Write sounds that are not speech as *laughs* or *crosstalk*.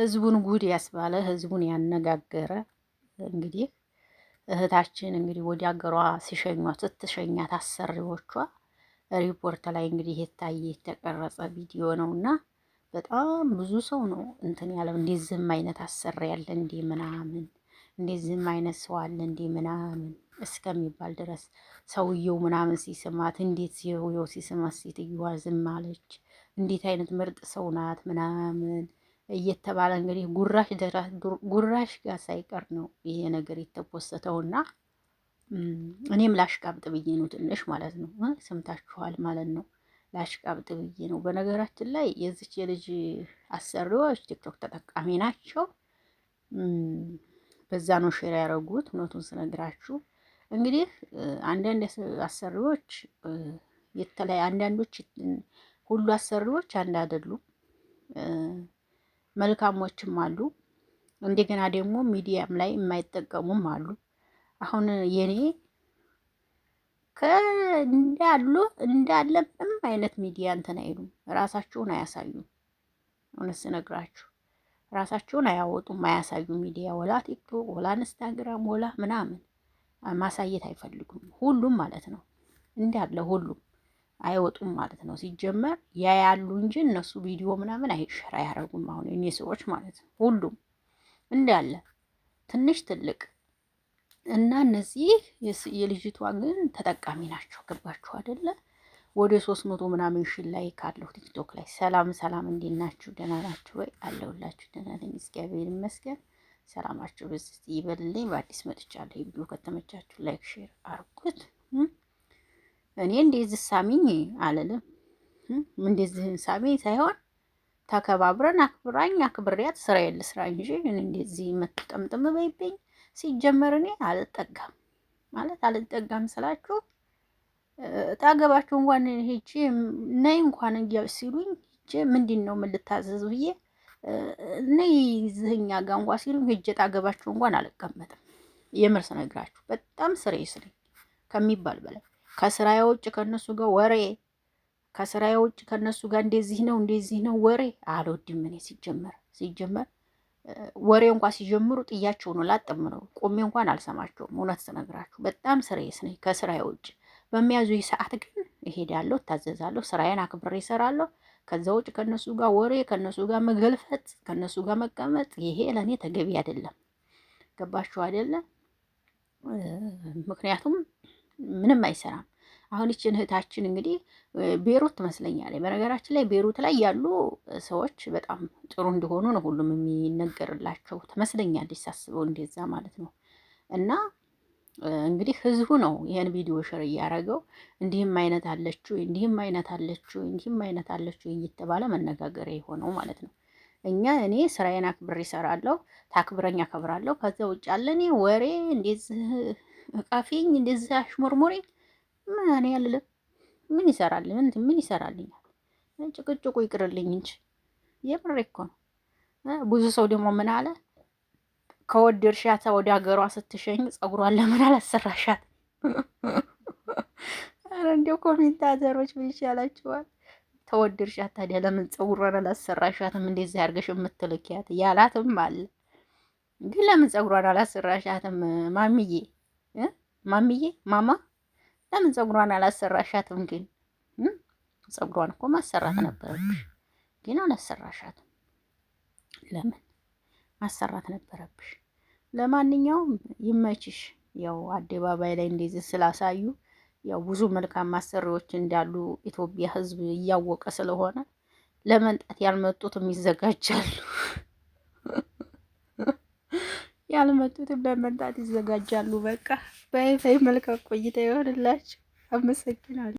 ህዝቡን ጉድ ያስባለ ህዝቡን ያነጋገረ እንግዲህ እህታችን እንግዲህ ወደ አገሯ ሲሸኟት ስትሸኛት አሰሪዎቿ ሪፖርት ላይ እንግዲህ የታየ የተቀረጸ ቪዲዮ ነው እና በጣም ብዙ ሰው ነው እንትን ያለው እንደዚህም አይነት አሰሪ ያለ እንዴ ምናምን እንደዚህም አይነት ሰው አለ እንዴ ምናምን እስከሚባል ድረስ ሰውየው ምናምን ሲስማት እንዴት ሰውየው ሲስማት ሴትዮዋ ዝም አለች? እንዴት አይነት ምርጥ ሰው ናት ምናምን እየተባለ እንግዲህ ጉራሽ ጉራሽ ጋር ሳይቀር ነው ይሄ ነገር የተፖሰተውና እኔም ላሽቃብጥ ብዬ ነው ትንሽ ማለት ነው። ሰምታችኋል ማለት ነው። ላሽቃብጥ ብዬ ነው። በነገራችን ላይ የዚች የልጅ አሰሪዎች ቲክቶክ ተጠቃሚ ናቸው። በዛ ነው ሼር ያደረጉት። እውነቱን ስነግራችሁ እንግዲህ አንዳንድ አሰሪዎች የተለያዩ አንዳንዶች ሁሉ አሰሪዎች አንድ አይደሉም። መልካሞችም አሉ። እንደገና ደግሞ ሚዲያም ላይ የማይጠቀሙም አሉ። አሁን የኔ እንዳሉ እንዳለ ምንም አይነት ሚዲያ እንትን አይሉም፣ ራሳቸውን አያሳዩም። እውነት ስነግራችሁ ራሳቸውን አያወጡም፣ አያሳዩ ሚዲያ ወላ ቲክቶክ ወላ ኢንስታግራም ወላ ምናምን ማሳየት አይፈልጉም። ሁሉም ማለት ነው እንዳለ ሁሉም አይወጡም ማለት ነው። ሲጀመር ያ ያሉ እንጂ እነሱ ቪዲዮ ምናምን አይሸራ አያደርጉም። አሁን እኔ ሰዎች ማለት ነው ሁሉም እንዳለ ትንሽ ትልቅ እና እነዚህ የልጅቷ ግን ተጠቃሚ ናቸው። ገባችሁ አይደለ? ወደ ሶስት መቶ ምናምን ሺ ላይ ካለሁ ቲክቶክ ላይ። ሰላም ሰላም፣ እንዴት ናችሁ? ደህና ናችሁ ወይ? አለሁላችሁ። ደህና ነኝ፣ እግዚአብሔር ይመስገን። ሰላማችሁ ብዝት ይበልልኝ። በአዲስ መጥቻለሁ። ቪዲዮ ከተመቻችሁ ላይክ፣ ሼር አርጉት። እኔ እንደዚህ ሳሚኝ አልልም። እንደዚህ ሳሚኝ ሳይሆን ተከባብረን አክብራኝ አክብሬያት ስራዬን ስራ እንጂ እንደዚህ መጠምጥም በይብኝ። ሲጀመር እኔ አልጠጋም ማለት አልጠጋም ስላችሁ ጣገባችሁ እንኳን ሄጄ ነይ እንኳን እያው ሲሉኝ ሄጄ ምንድን ነው ምን ልታዘዝ ብዬ ነይ ዝህኛ ጋ እንኳ ሲሉኝ ሄጄ ጣገባችሁ እንኳን አልቀመጥም። የምር ስነግራችሁ በጣም ስሬ ስሬ ከሚባል በላይ ከስራዬ ውጭ ከነሱ ጋር ወሬ ከስራዬ ውጭ ከነሱ ጋር እንደዚህ ነው እንደዚህ ነው ወሬ አልወድም እኔ። ሲጀመር ሲጀመር ወሬ እንኳን ሲጀምሩ ጥያቸው ነው ላጥም ነው ቆሜ እንኳን አልሰማቸውም። እውነት ስነግራችሁ በጣም ስሬስ ነኝ። ከስራዬ ውጭ በሚያዙ ሰዓት ግን እሄዳለሁ፣ እታዘዛለሁ፣ ስራዬን አክብሬ እሰራለሁ። ከዛ ውጭ ከነሱ ጋር ወሬ ከነሱ ጋር መገልፈጥ ከነሱ ጋር መቀመጥ ይሄ ለእኔ ተገቢ አይደለም። ገባችሁ አይደለም? ምክንያቱም ምንም አይሰራም። አሁን ይችን እህታችን እንግዲህ ቤሩት ትመስለኛለች። በነገራችን ላይ ቤሩት ላይ ያሉ ሰዎች በጣም ጥሩ እንደሆኑ ነው ሁሉም የሚነገርላቸው ትመስለኛለች፣ ሳስበው እንደዛ ማለት ነው። እና እንግዲህ ህዝቡ ነው ይሄን ቪዲዮ ሼር እያደረገው እንዲህም አይነት አለችው፣ እንዲህም አይነት አለችው፣ እንዲህም አይነት አለችው እየተባለ መነጋገሪያ የሆነው ማለት ነው። እኛ እኔ ስራዬን አክብሬ ይሰራለሁ፣ ታክብረኝ አከብራለሁ። ከዛ ውጭ አለ እኔ ወሬ እንደዚህ እቃፊኝ እንደዚህ አሽሞርሞሬ ምን ያለ ምን ይሰራል? ምን ይሰራልኛል? ጭቅጭቁ ይቅርልኝ እንጂ የምሬ እኮ ነው። ብዙ ሰው ደግሞ ምን አለ ከወድ እርሻታ ወደ ሀገሯ ስትሸኝ ጸጉሯን ለምን አላሰራሻት? ኧረ *laughs* እንዲያው ኮሜንታተሮች ምን ይሻላችኋል? ተወድ እርሻት ታዲያ ለምን ጸጉሯን አላሰራሻትም? እንደዚህ አድርገሽ የምትልኪያት ያላትም አለ። ግን ለምን ጸጉሯን አላሰራሻትም? ማሚዬ ማሚዬ ማማ ለምን ፀጉሯን አላሰራሻትም? ግን ፀጉሯን እኮ ማሰራት ነበረብሽ፣ ግን አላሰራሻትም። ለምን ማሰራት ነበረብሽ? ለማንኛውም ይመችሽ። ያው አደባባይ ላይ እንደዚህ ስላሳዩ ያው ብዙ መልካም ማሰሪዎች እንዳሉ ኢትዮጵያ ሕዝብ እያወቀ ስለሆነ ለመንጣት ያልመጡትም ይዘጋጃሉ። ያልመጡትን ለመርዳት ይዘጋጃሉ። በቃ በይ በይፋይ መልካም ቆይታ ይሆንላችሁ። አመሰግናለሁ።